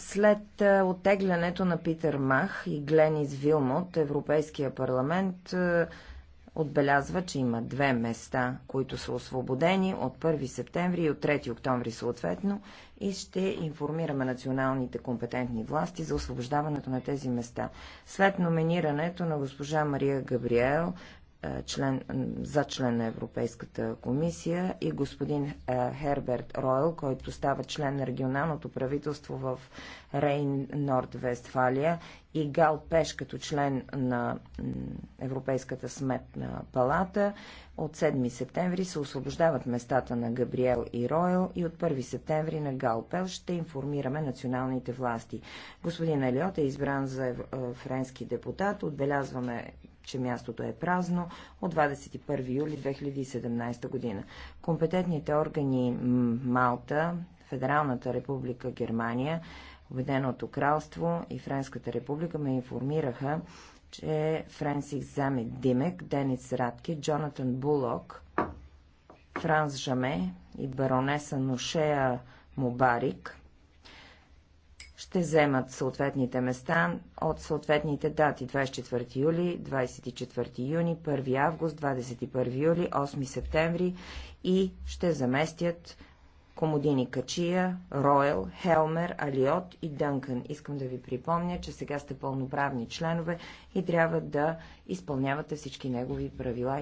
След е, оттеглянето на Питър Мах и Гленис Вилмот, Европейския парламент е, отбелязва, че има две места, които са освободени от 1 септември и от 3 октомври съответно и ще информираме националните компетентни власти за освобождаването на тези места. След номинирането на госпожа Мария Габриел е, член, за член на Европейската комисия и господин е, Херберт Ройл, който става член на регионалното правителство в Рейн, Норд, Вестфалия и Гал Пеш като член на Европейската сметна палата. От 7 септември се освобождават местата на Габриел и Ройл и от 1 септември на Гал Пел ще информираме националните власти. Господин Елиот е избран за е, френски депутат. Отбелязваме че мястото е празно от 21 юли 2017 година. Компетентните органи Малта, Федералната република Германия, Обеденото кралство и Френската република ме информираха, че Френсик Замет Димек, Денис Радки, Джонатан Булок, Франс Жаме и баронеса Ношея Мубарик – ще вземат съответните места от съответните дати 24 юли, 24 юни, 1 август, 21 юли, 8 септември и ще заместят Комодини Качия, Ройл, Хелмер, Алиот и Дънкън. Искам да ви припомня, че сега сте пълноправни членове и трябва да изпълнявате всички негови правила.